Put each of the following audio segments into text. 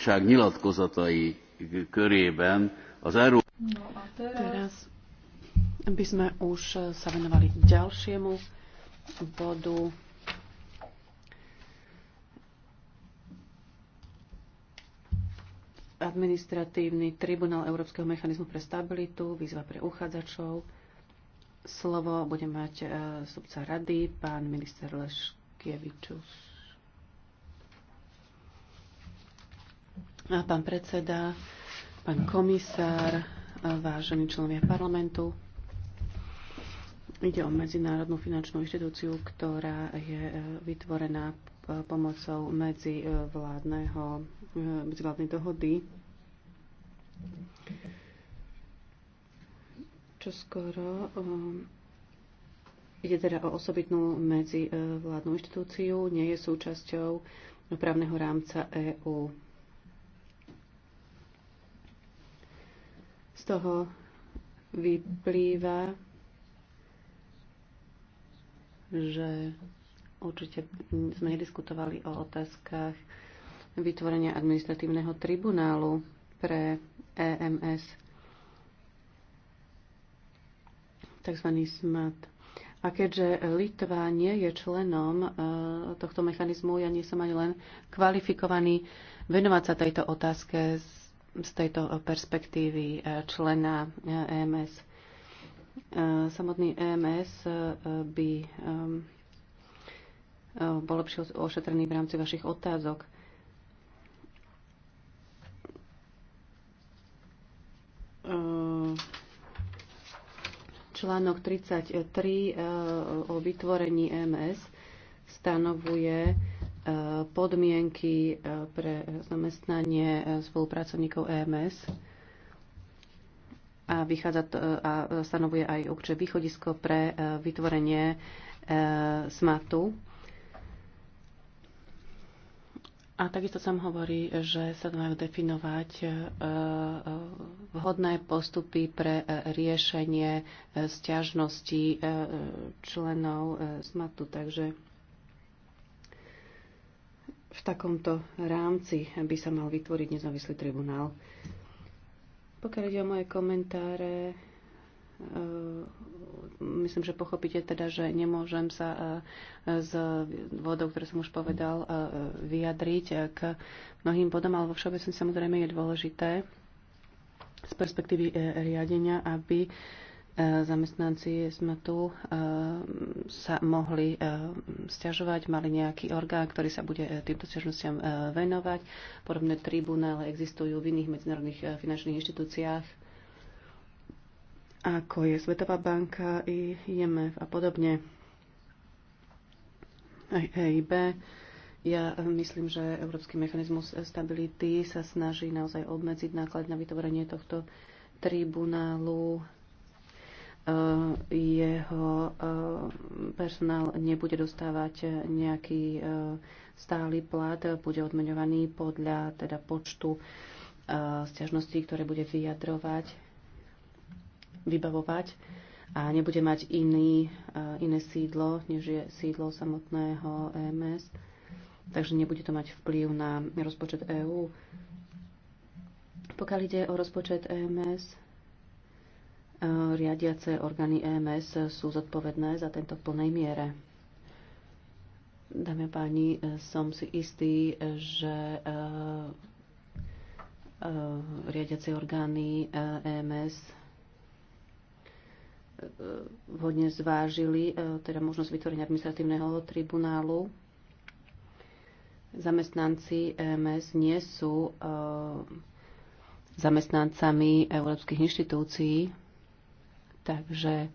bizottság nyilatkozatai körében az Európai No teraz by sme už eh, sa venovali ďalšiemu bodu. Administratívny tribunál Európskeho mechanizmu pre stabilitu, výzva pre uchádzačov. Slovo bude mať e, eh, subca rady, pán minister Leškievičus. Pán predseda, pán komisár, vážení členovia parlamentu, ide o medzinárodnú finančnú inštitúciu, ktorá je e, vytvorená e, pomocou medzivládneho, e, medzivládnej dohody čo skoro ide teda o osobitnú medzivládnu inštitúciu, nie je súčasťou právneho rámca EÚ. toho vyplýva, že určite sme nediskutovali o otázkach vytvorenia administratívneho tribunálu pre EMS, tzv. SMAT. A keďže Litva nie je členom e, tohto mechanizmu, ja nie som ani len kvalifikovaný venovať sa tejto otázke z z tejto perspektívy e, člena EMS. E e, samotný EMS by bol lepšie ošetrený v rámci vašich otázok. Článok 33 o vytvorení EMS stanovuje podmienky e, pre zamestnanie e, spolupracovníkov EMS a, vychádza to, e, a stanovuje aj určite východisko pre vytvorenie SMATu. A takisto sa hovorí, že sa majú definovať vhodné postupy pre riešenie sťažností členov SMATu. Takže v takomto rámci by sa mal vytvoriť nezávislý tribunál. Pokiaľ ide o moje komentáre, e, myslím, že pochopíte teda, že nemôžem sa e, z vodou, ktoré som už povedal, e, vyjadriť k mnohým bodom, ale vo všeobecnosti samozrejme je dôležité z perspektívy riadenia, aby E, zamestnanci sme tu e, sa mohli e, stiažovať, mali nejaký orgán, ktorý sa bude týmto stiažnostiam venovať. Podobné tribunále existujú v iných medzinárodných finančných inštitúciách, ako je Svetová banka, IMF a podobne. EIB. Ja myslím, že Európsky mechanizmus stability sa snaží naozaj obmedziť náklad na vytvorenie tohto tribunálu Eh, jeho eh, personál nebude dostávať nejaký eh, stály plat, bude odmeňovaný podľa teda počtu sťažností, ktoré bude vyjadrovať, vybavovať a nebude mať iný, iné sídlo, než je sídlo samotného EMS. Takže nebude to mať vplyv na rozpočet EÚ. Pokiaľ ide o rozpočet EMS, riadiace orgány EMS sú zodpovedné za tento v plnej miere. Dámy a páni, som si istý, že e, e, riadiace orgány EMS e vhodne zvážili teda možnosť vytvorenia administratívneho tribunálu. Zamestnanci EMS nie sú zamestnancami európskych inštitúcií, takže e,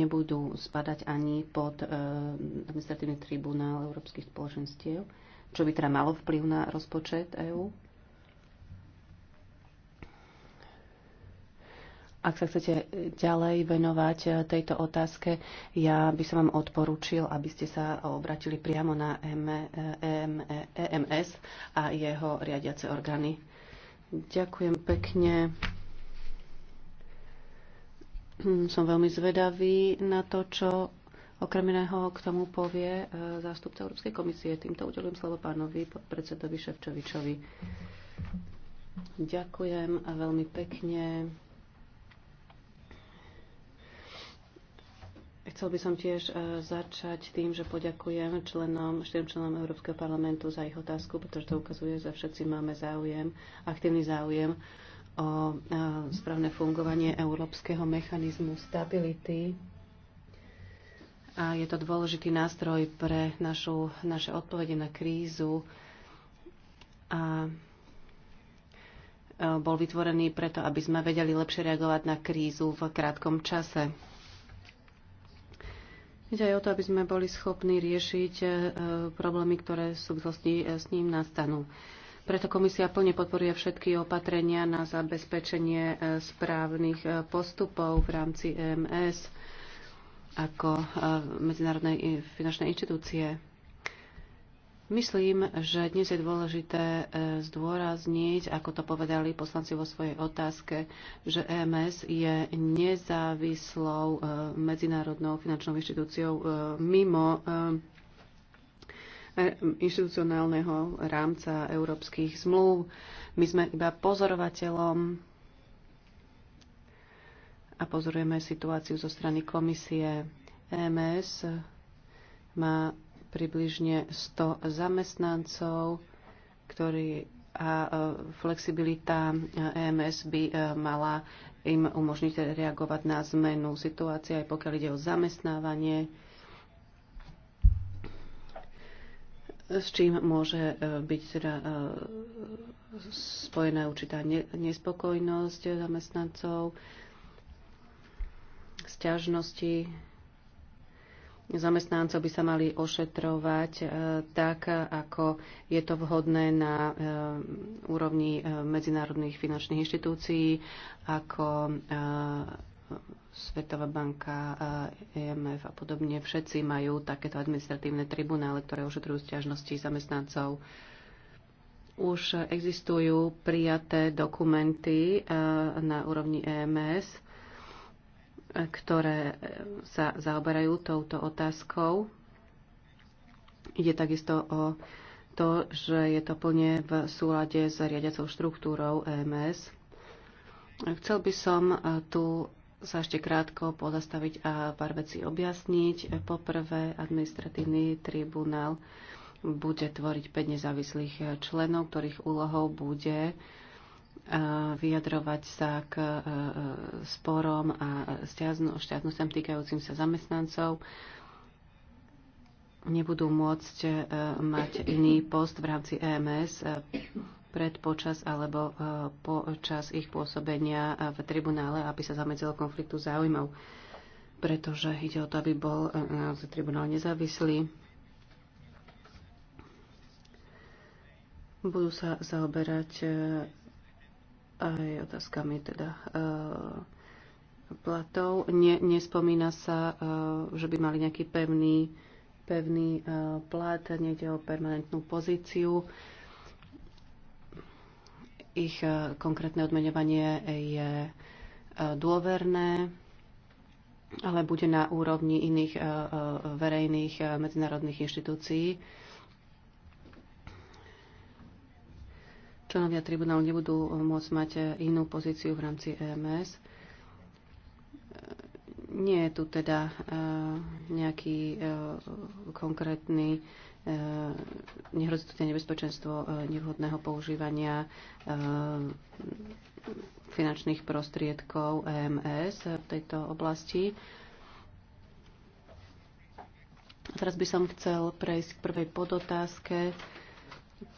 nebudú spadať ani pod e, administratívny tribunál Európskych spoločenstiev, čo by teda malo vplyv na rozpočet EÚ. Ak sa chcete ďalej venovať e, tejto otázke, ja by som vám odporúčil, aby ste sa obratili priamo na EMS a jeho riadiace orgány. Ďakujem pekne. Hm, som veľmi zvedavý na to, čo okrem iného k tomu povie e, zástupca Európskej komisie. Týmto udelujem slovo pánovi predsedovi Ševčovičovi. Ďakujem a veľmi pekne. Chcel by som tiež e, začať tým, že poďakujem členom, štyrom členom Európskeho parlamentu za ich otázku, pretože to ukazuje, že všetci máme záujem, aktívny záujem o správne fungovanie európskeho mechanizmu stability. A je to dôležitý nástroj pre našu, naše odpovede na krízu. A bol vytvorený preto, aby sme vedeli lepšie reagovať na krízu v krátkom čase. Ide aj o to, aby sme boli schopní riešiť e, problémy, ktoré v súvislosti e, s ním nastanú. Preto komisia plne podporuje všetky opatrenia na zabezpečenie e, správnych e, postupov v rámci EMS ako e, medzinárodnej finančnej inštitúcie. Myslím, že dnes je dôležité zdôrazniť, ako to povedali poslanci vo svojej otázke, že EMS je nezávislou medzinárodnou finančnou inštitúciou mimo E, inštitucionálneho rámca európskych zmluv. My sme iba pozorovateľom a pozorujeme situáciu zo strany komisie. EMS má približne 100 zamestnancov, ktorí a e, flexibilita EMS by e, mala im umožniť reagovať na zmenu situácie, aj pokiaľ ide o zamestnávanie s čím môže e, byť teda e, spojená určitá nespokojnosť zamestnancov, sťažnosti zamestnancov by sa mali ošetrovať e, tak, ako je to vhodné na úrovni medzinárodných finančných inštitúcií, ako Svetová banka, EMF eh, e a podobne, všetci majú takéto administratívne tribunály, ktoré ošetrujú stiažnosti zamestnancov. Už existujú prijaté dokumenty eh, na úrovni EMS, ktoré eh, sa zaoberajú touto otázkou. Ide takisto o to, že je to plne v súlade s riadiacou štruktúrou EMS. Chcel by som tu sa ešte krátko pozastaviť a pár vecí objasniť. Poprvé, administratívny tribunál bude tvoriť 5 nezávislých členov, ktorých úlohou bude e, vyjadrovať sa k e, e, sporom a šťastnostiam týkajúcim sa zamestnancov. Nebudú môcť mať iný post v rámci EMS pred, počas alebo e, počas ich pôsobenia v tribunále, aby sa zamedzilo konfliktu záujmov. Pretože ide o to, aby bol naozaj e, e, tribunál nezávislý. Budú sa zaoberať aj otázkami teda platov. Nie, nespomína sa, že by mali nejaký pevný, pevný plat, nejde o permanentnú pozíciu ich e, konkrétne odmeňovanie je e, dôverné, ale bude na úrovni iných e, verejných medzinárodných inštitúcií. Členovia tribunálu nebudú môcť mať inú pozíciu v rámci EMS. Nie je tu teda nejaký konkrétny Eh, nehrozí tu teda nebezpečenstvo eh, nevhodného používania eh, finančných prostriedkov EMS v tejto oblasti. A teraz by som chcel prejsť k prvej podotázke,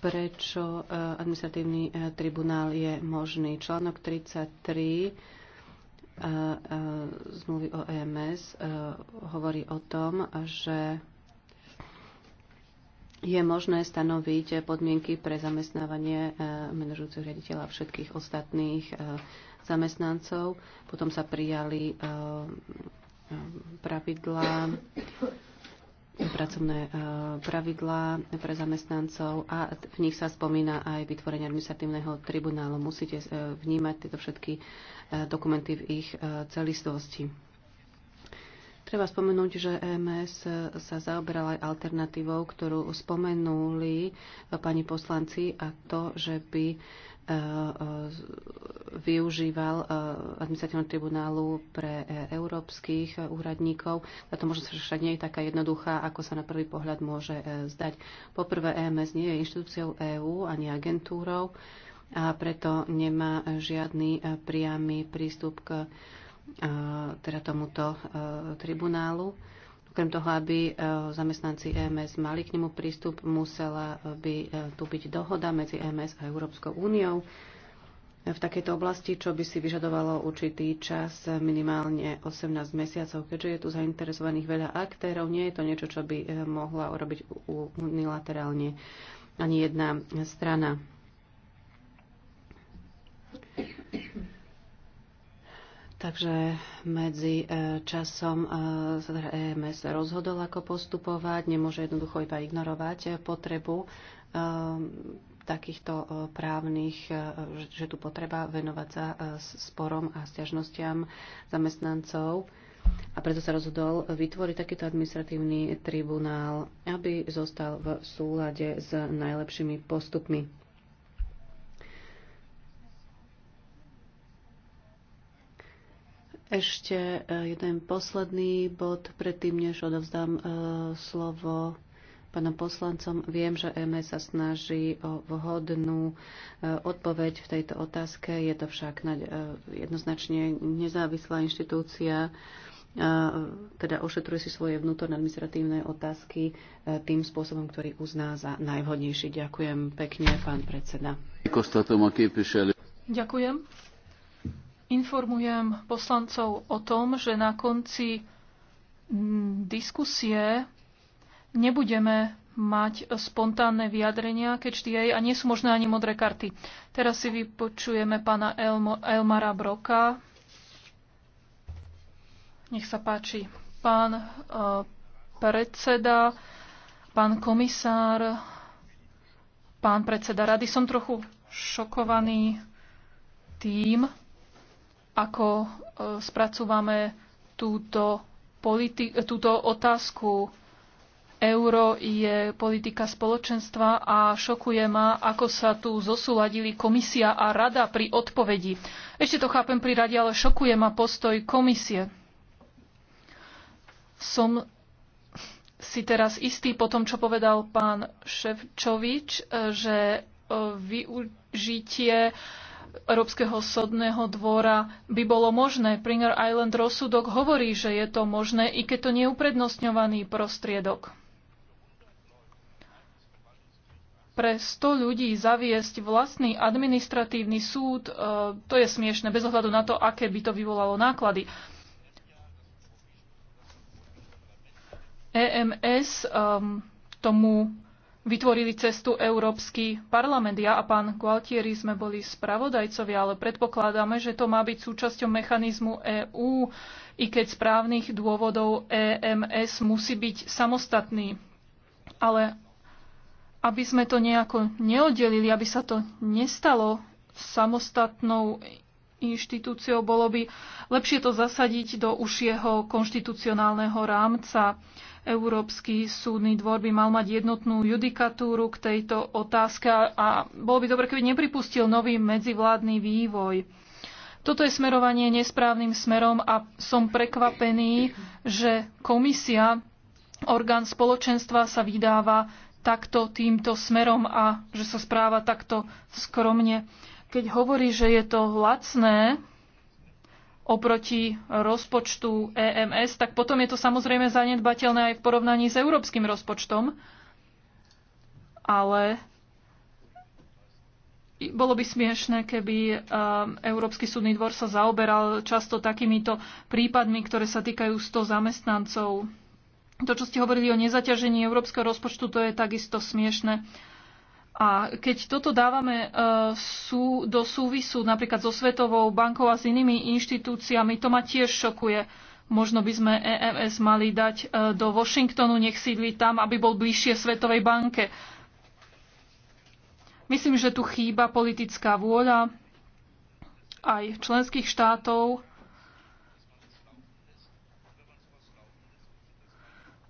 prečo administratívny tribunál je možný. Článok 33 zmluvy o EMS hovorí o tom, že je možné stanoviť podmienky pre zamestnávanie e, manažujúceho riaditeľa a všetkých ostatných e, zamestnancov. Potom sa prijali e, pravidlá, pracovné pravidlá pre zamestnancov a v nich sa spomína aj vytvorenie administratívneho tribunálu. Musíte vnímať tieto všetky dokumenty v ich celistvosti. Treba spomenúť, že EMS sa zaoberala aj alternatívou, ktorú spomenuli pani poslanci a to, že by e, e, využíval e, administratívnu tribunálu pre európskych úradníkov. Táto možnosť však nie je taká jednoduchá, ako sa na prvý pohľad môže zdať. Poprvé, EMS nie je inštitúciou EÚ ani agentúrou a preto nemá žiadny priamy prístup k teda tomuto e, tribunálu. Okrem toho, aby e, zamestnanci EMS mali k nemu prístup, musela e, by tu byť dohoda medzi EMS a Európskou úniou v takejto oblasti, čo by si vyžadovalo určitý čas, minimálne 18 mesiacov, keďže je tu zainteresovaných veľa aktérov. Nie je to niečo, čo by mohla urobiť unilaterálne ani jedna strana. Takže medzi e, časom sa e, teda EMS rozhodol, ako postupovať. Nemôže jednoducho iba ignorovať e, potrebu takýchto právnych, že tu potreba venovať sa sporom a stiažnostiam zamestnancov. A preto sa rozhodol vytvoriť takýto administratívny tribunál, aby zostal v súlade s najlepšími postupmi. Ešte e, jeden posledný bod, predtým než odovzdám e, slovo pánom poslancom. Viem, že EME sa snaží o vhodnú e, odpoveď v tejto otázke. Je to však jednoznačne nezávislá inštitúcia, teda ošetruje si svoje vnútorné administratívne otázky tým spôsobom, ktorý uzná za najvhodnejší. Ďakujem pekne, pán predseda. Ďakujem. Informujem poslancov o tom, že na konci diskusie nebudeme mať spontánne vyjadrenia, keď tie a nie sú možné ani modré karty. Teraz si vypočujeme pána Elmo, Elmara Broka. Nech sa páči. Pán uh, predseda, pán komisár, pán predseda rady, som trochu šokovaný tým, ako e, spracúvame túto, politi- túto otázku. Euro je politika spoločenstva a šokuje ma, ako sa tu zosúladili komisia a rada pri odpovedi. Ešte to chápem pri rade, ale šokuje ma postoj komisie. Som si teraz istý po tom, čo povedal pán Ševčovič, e, že e, využitie Európskeho sodného dvora by bolo možné. Pringer Island rozsudok hovorí, že je to možné, i keď to nie je uprednostňovaný prostriedok. Pre 100 ľudí zaviesť vlastný administratívny súd, e, to je smiešne, bez ohľadu na to, aké by to vyvolalo náklady. EMS ehm, tomu vytvorili cestu Európsky parlament. Ja a pán Gualtieri sme boli spravodajcovia, ale predpokladáme, že to má byť súčasťou mechanizmu EÚ, i keď správnych dôvodov EMS musí byť samostatný. Ale aby sme to nejako neoddelili, aby sa to nestalo samostatnou inštitúciou, bolo by lepšie to zasadiť do jeho konštitucionálneho rámca. Európsky súdny dvor by mal mať jednotnú judikatúru k tejto otázke a bolo by dobre, keby nepripustil nový medzivládny vývoj. Toto je smerovanie nesprávnym smerom a som prekvapený, že komisia, orgán spoločenstva sa vydáva takto týmto smerom a že sa správa takto skromne keď hovorí, že je to lacné oproti rozpočtu EMS, tak potom je to samozrejme zanedbateľné aj v porovnaní s európskym rozpočtom. Ale bolo by smiešné, keby e, Európsky súdny dvor sa zaoberal často takýmito prípadmi, ktoré sa týkajú 100 zamestnancov. To, čo ste hovorili o nezaťažení európskeho rozpočtu, to je takisto smiešne. A keď toto dávame e, sú, do súvisu napríklad so Svetovou bankou a s inými inštitúciami, to ma tiež šokuje. Možno by sme EMS mali dať e, do Washingtonu, nech sídli tam, aby bol bližšie Svetovej banke. Myslím, že tu chýba politická vôľa aj členských štátov.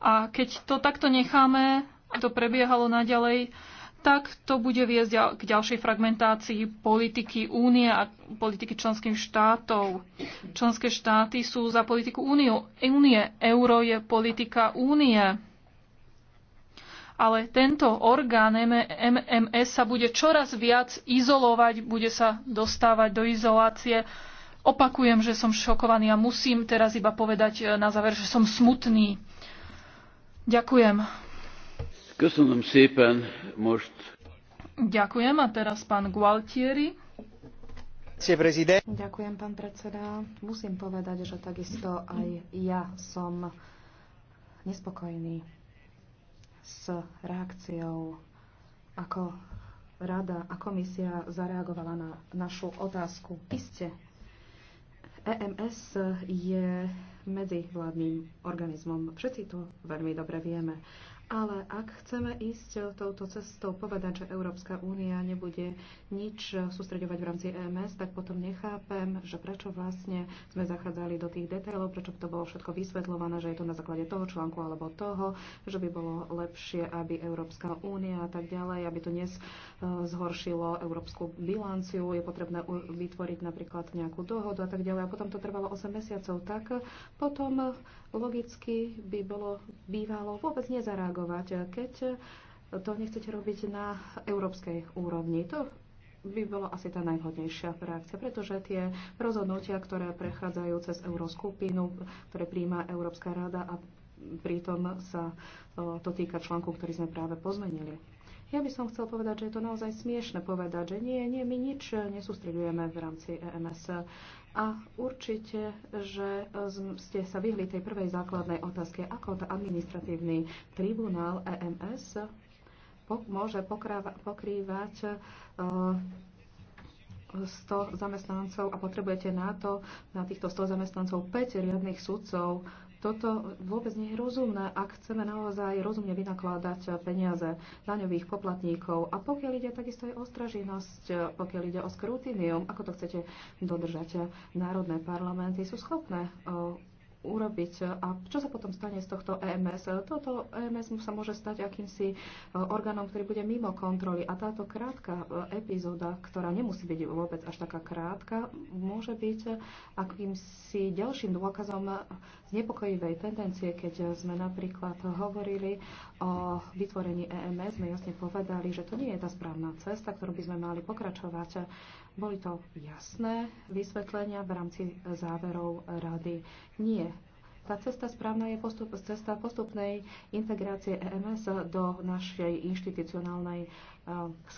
A keď to takto necháme, to prebiehalo naďalej, tak to bude viesť k ďalšej fragmentácii politiky únie a politiky členských štátov. Členské štáty sú za politiku úniu. únie. Euro je politika únie. Ale tento orgán MMS sa bude čoraz viac izolovať, bude sa dostávať do izolácie. Opakujem, že som šokovaný a musím teraz iba povedať na záver, že som smutný. Ďakujem. Köszönöm szépen most. Ďakujem a teraz pán Gualtieri. Ďakujem, pán predseda. Musím povedať, že takisto aj ja som nespokojný s reakciou, ako rada a komisia zareagovala na našu otázku. Iste, EMS je medzivládnym organizmom. Všetci to veľmi dobre vieme. Ale ak chceme ísť touto cestou, povedať, že Európska únia nebude nič sústreďovať v rámci EMS, tak potom nechápem, že prečo vlastne sme zachádzali do tých detailov, prečo to bolo všetko vysvetľované, že je to na základe toho článku alebo toho, že by bolo lepšie, aby Európska únia a tak ďalej, aby to dnes e, zhoršilo európsku bilanciu, je potrebné vytvoriť napríklad nejakú dohodu a tak ďalej. A potom to trvalo 8 mesiacov, tak potom logicky by bolo bývalo vôbec nezareagovať reagovať, keď to nechcete robiť na európskej úrovni. To by bola asi tá najhodnejšia reakcia, pretože tie rozhodnutia, ktoré prechádzajú cez euroskupinu, ktoré príjma Európska rada a pritom sa to týka článku, ktorý sme práve pozmenili. Ja by som chcel povedať, že je to naozaj smiešne povedať, že nie, nie, my nič nesústredujeme v rámci EMS. A určite, že e, ste sa vyhli tej prvej základnej otázke, ako to administratívny tribunál EMS môže pokrývať 100 e, zamestnancov a potrebujete na to, na týchto 100 zamestnancov 5 riadnych sudcov toto vôbec nie je rozumné, ak chceme naozaj rozumne vynakladať peniaze daňových poplatníkov. A pokiaľ ide takisto aj o stražitosť, pokiaľ ide o skrutinium, ako to chcete dodržať, národné parlamenty sú schopné e, urobiť a čo sa potom stane z tohto EMS. Toto EMS sa môže stať akýmsi e, orgánom, ktorý bude mimo kontroly a táto krátka e, epizóda, ktorá nemusí byť vôbec až taká krátka, môže byť akýmsi ďalším dôkazom znepokojivej tendencie, keď sme napríklad hovorili o vytvorení EMS, sme jasne povedali, že to nie je tá správna cesta, ktorú by sme mali pokračovať. Boli to jasné vysvetlenia v rámci záverov rady. Nie tá cesta správna je postup, cesta postupnej integrácie EMS do našej inštitucionálnej e,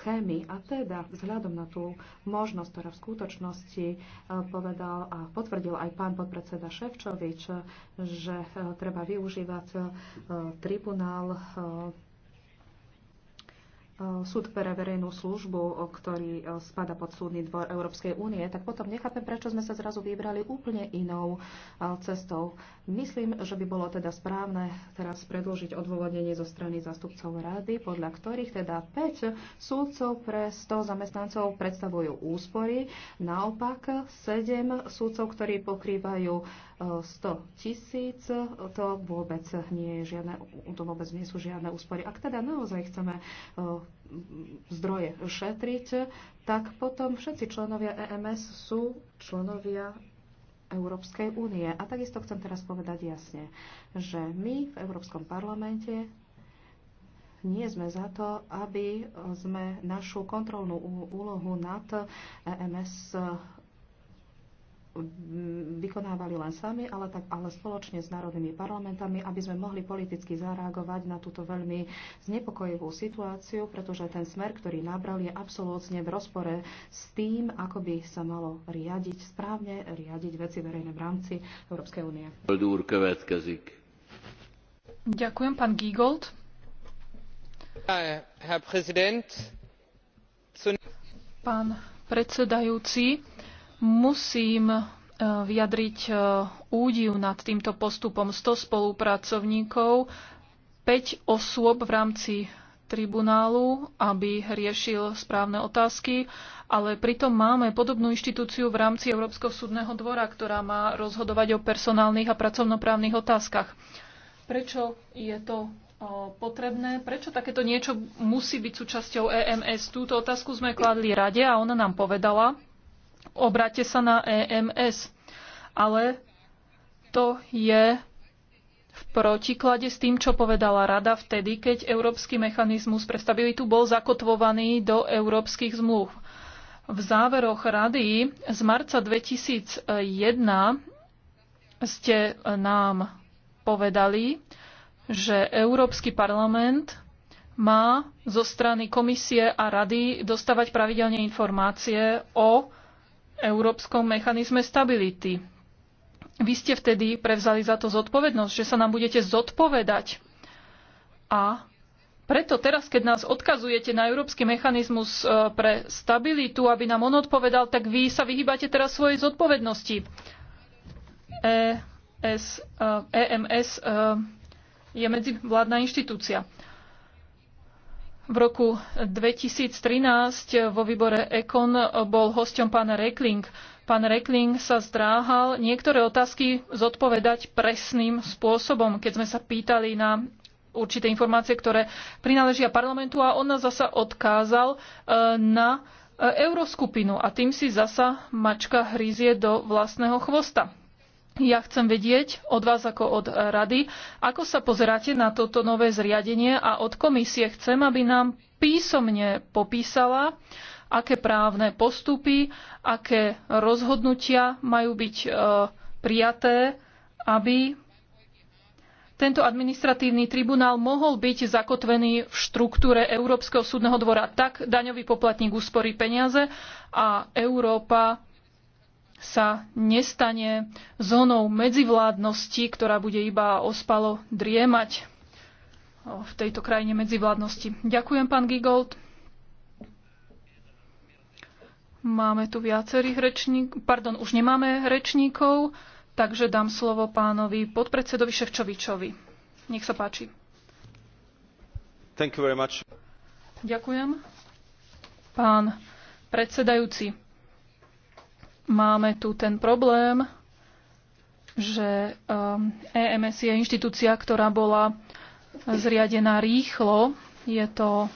schémy a teda vzhľadom na tú možnosť, ktorá v skutočnosti e, povedal a potvrdil aj pán podpredseda Ševčovič, že e, treba využívať tribunál súd pre verejnú službu, ktorý e, spada pod súdny dvor Európskej únie, tak potom nechápem, prečo sme sa zrazu vybrali úplne inou e, cestou. Myslím, že by bolo teda správne teraz predložiť odôvodnenie zo strany zástupcov rady, podľa ktorých teda 5 súdcov pre 100 zamestnancov predstavujú úspory, naopak 7 súdcov, ktorí pokrývajú 100 tisíc, to vôbec nie je žiadne, to vôbec nie sú žiadne úspory. Ak teda naozaj chceme e, zdroje šetriť, tak potom všetci členovia EMS sú členovia Európskej únie. A takisto chcem teraz povedať jasne, že my v Európskom parlamente nie sme za to, aby sme našu kontrolnú úlohu nad EMS vykonávali len sami, ale, tak, ale spoločne s národnými parlamentami, aby sme mohli politicky zareagovať na túto veľmi znepokojivú situáciu, pretože ten smer, ktorý nabral, je absolútne v rozpore s tým, ako by sa malo riadiť správne, riadiť veci verejné v rámci Európskej únie. Ďakujem, pán Giegold. Pán predsedajúci, musím E, vyjadriť e, údiv nad týmto postupom 100 spolupracovníkov, 5 osôb v rámci tribunálu, aby riešil správne otázky, ale pritom máme podobnú inštitúciu v rámci Európskeho súdneho dvora, ktorá má rozhodovať o personálnych a pracovnoprávnych otázkach. Prečo je to e, potrebné? Prečo takéto niečo musí byť súčasťou EMS? Túto otázku sme kladli rade a ona nám povedala, obráte sa na EMS. Ale to je v protiklade s tým, čo povedala Rada vtedy, keď Európsky mechanizmus pre stabilitu bol zakotvovaný do európskych zmluv. V záveroch Rady z marca 2001 ste nám povedali, že Európsky parlament má zo strany komisie a rady dostávať pravidelne informácie o európskom mechanizme stability. Vy ste vtedy prevzali za to zodpovednosť, že sa nám budete zodpovedať. A preto teraz, keď nás odkazujete na európsky mechanizmus e, pre stabilitu, aby nám on odpovedal, tak vy sa vyhýbate teraz svojej zodpovednosti. EMS e e, je medzivládna inštitúcia. V roku 2013 vo výbore Ekon bol hosťom pán Rekling. Pán Rekling sa zdráhal niektoré otázky zodpovedať presným spôsobom, keď sme sa pýtali na určité informácie, ktoré prináležia parlamentu a on nás zasa odkázal e, na e, euroskupinu a tým si zasa mačka hryzie do vlastného chvosta. Ja chcem vedieť od vás ako od e, rady, ako sa pozeráte na toto nové zriadenie a od komisie chcem, aby nám písomne popísala, aké právne postupy, aké rozhodnutia majú byť e, prijaté, aby tento administratívny tribunál mohol byť zakotvený v štruktúre Európskeho súdneho dvora. Tak daňový poplatník úspory peniaze a Európa sa nestane zónou medzivládnosti, ktorá bude iba ospalo driemať v tejto krajine medzivládnosti. Ďakujem, pán Gigold. Máme tu viacerých rečníkov, pardon, už nemáme rečníkov, takže dám slovo pánovi podpredsedovi Ševčovičovi. Nech sa páči. Thank you very much. Ďakujem. Pán predsedajúci, máme tu ten problém, že um, EMS je inštitúcia, ktorá bola zriadená rýchlo. Je to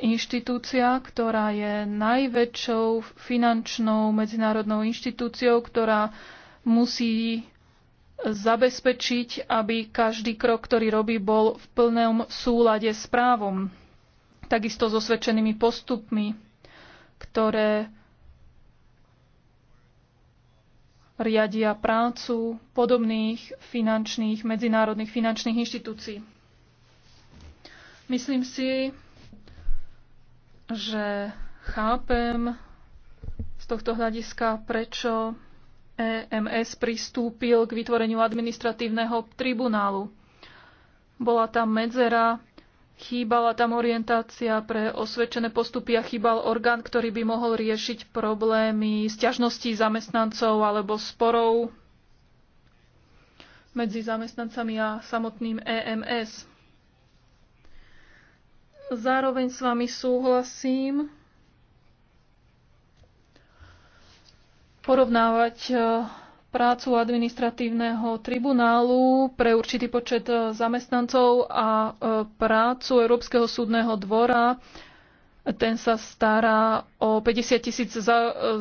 inštitúcia, ktorá je najväčšou finančnou medzinárodnou inštitúciou, ktorá musí zabezpečiť, aby každý krok, ktorý robí, bol v plnom súlade s právom. Takisto so osvedčenými postupmi, ktoré riadia prácu podobných finančných, medzinárodných finančných inštitúcií. Myslím si, že chápem z tohto hľadiska, prečo EMS pristúpil k vytvoreniu administratívneho tribunálu. Bola tam medzera Chýbala tam orientácia pre osvedčené postupy a chýbal orgán, ktorý by mohol riešiť problémy sťažností zamestnancov alebo sporov medzi zamestnancami a samotným EMS. Zároveň s vami súhlasím porovnávať eh, prácu administratívneho tribunálu pre určitý počet e, zamestnancov a e, prácu Európskeho súdneho dvora. Ten sa stará o 50 tisíc e,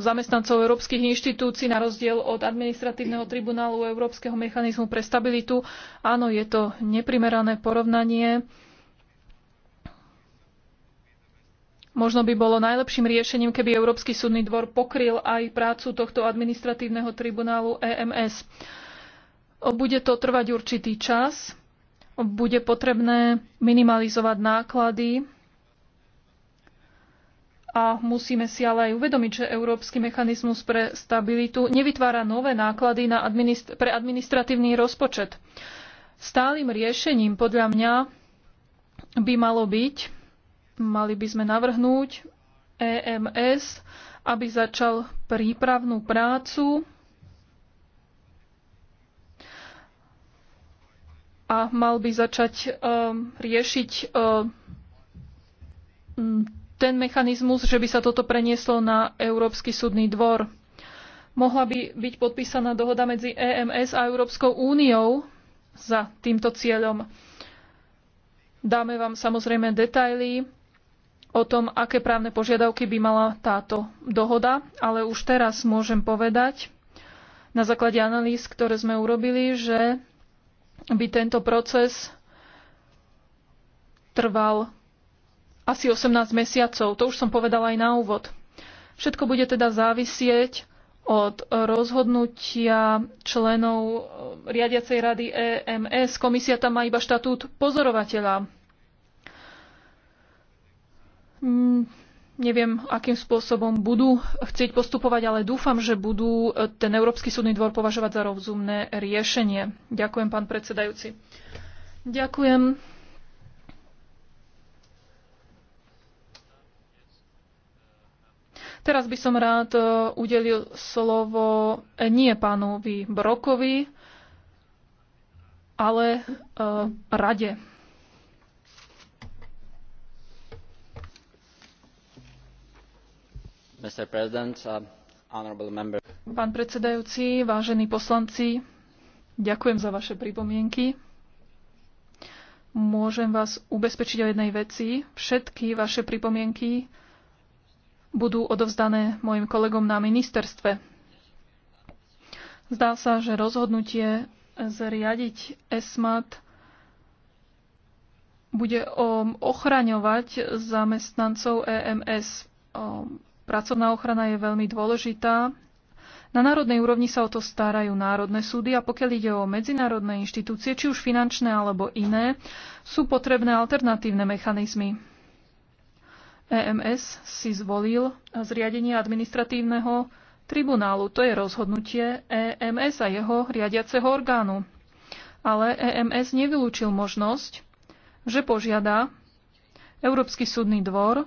zamestnancov európskych inštitúcií na rozdiel od administratívneho tribunálu Európskeho mechanizmu pre stabilitu. Áno, je to neprimerané porovnanie Možno by bolo najlepším riešením, keby Európsky súdny dvor pokryl aj prácu tohto administratívneho tribunálu EMS. Bude to trvať určitý čas, bude potrebné minimalizovať náklady a musíme si ale aj uvedomiť, že Európsky mechanizmus pre stabilitu nevytvára nové náklady na administ- pre administratívny rozpočet. Stálym riešením podľa mňa by malo byť Mali by sme navrhnúť EMS, aby začal prípravnú prácu a mal by začať um, riešiť um, ten mechanizmus, že by sa toto prenieslo na Európsky súdny dvor. Mohla by byť podpísaná dohoda medzi EMS a Európskou úniou za týmto cieľom. Dáme vám samozrejme detaily o tom, aké právne požiadavky by mala táto dohoda, ale už teraz môžem povedať na základe analýz, ktoré sme urobili, že by tento proces trval asi 18 mesiacov. To už som povedala aj na úvod. Všetko bude teda závisieť od rozhodnutia členov riadiacej rady EMS. Komisia tam má iba štatút pozorovateľa Mm, neviem, akým spôsobom budú chcieť postupovať, ale dúfam, že budú e, ten Európsky súdny dvor považovať za rozumné riešenie. Ďakujem, pán predsedajúci. Ďakujem. Teraz by som rád e, udelil slovo e, nie pánovi Brokovi, ale rade. Uh, Pán predsedajúci, vážení poslanci, ďakujem za vaše pripomienky. Môžem vás ubezpečiť o jednej veci. Všetky vaše pripomienky budú odovzdané mojim kolegom na ministerstve. Zdá sa, že rozhodnutie zriadiť ESMAT bude um, ochraňovať zamestnancov EMS um, Pracovná ochrana je veľmi dôležitá. Na národnej úrovni sa o to starajú národné súdy a pokiaľ ide o medzinárodné inštitúcie, či už finančné alebo iné, sú potrebné alternatívne mechanizmy. EMS si zvolil zriadenie administratívneho tribunálu. To je rozhodnutie EMS a jeho riadiaceho orgánu. Ale EMS nevylúčil možnosť, že požiada Európsky súdny dvor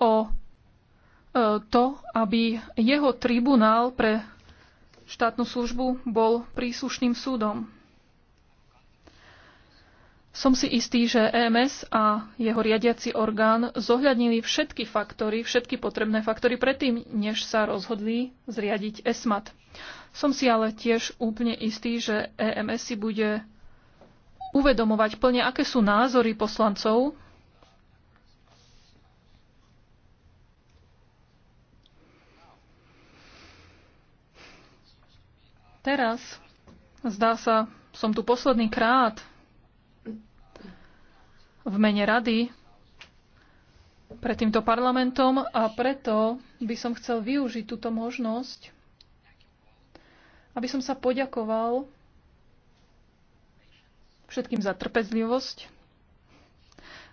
o e, to, aby jeho tribunál pre štátnu službu bol príslušným súdom. Som si istý, že EMS a jeho riadiaci orgán zohľadnili všetky faktory, všetky potrebné faktory predtým, než sa rozhodli zriadiť ESMAT. Som si ale tiež úplne istý, že EMS si bude uvedomovať plne, aké sú názory poslancov Teraz, zdá sa, som tu posledný krát v mene rady pred týmto parlamentom a preto by som chcel využiť túto možnosť, aby som sa poďakoval všetkým za trpezlivosť,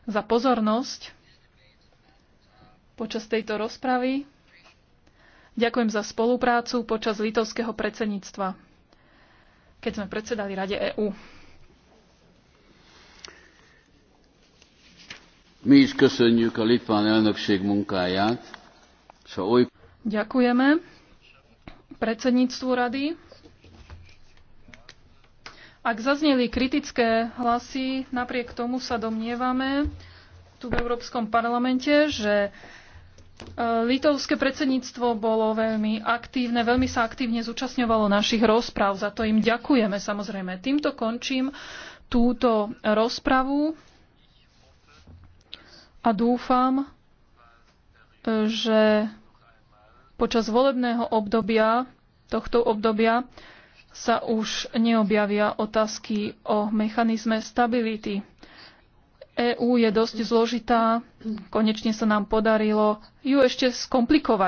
za pozornosť počas tejto rozpravy. Ďakujem za spoluprácu počas litovského predsedníctva keď sme predsedali Rade EÚ. Mi is köszönjük a litván elnökség munkáját. Ďakujeme predsedníctvu rady. Ak zazneli kritické hlasy, napriek tomu sa domnievame tu v Európskom parlamente, že Eh, litovské predsedníctvo bolo veľmi aktívne, veľmi sa aktívne zúčastňovalo našich rozpráv, za to im ďakujeme samozrejme. Týmto končím túto rozpravu a dúfam, eh, že počas volebného obdobia, tohto obdobia, sa už neobjavia otázky o mechanizme stability. EÚ je dosť zložitá. Konečne sa nám podarilo ju ešte skomplikovať.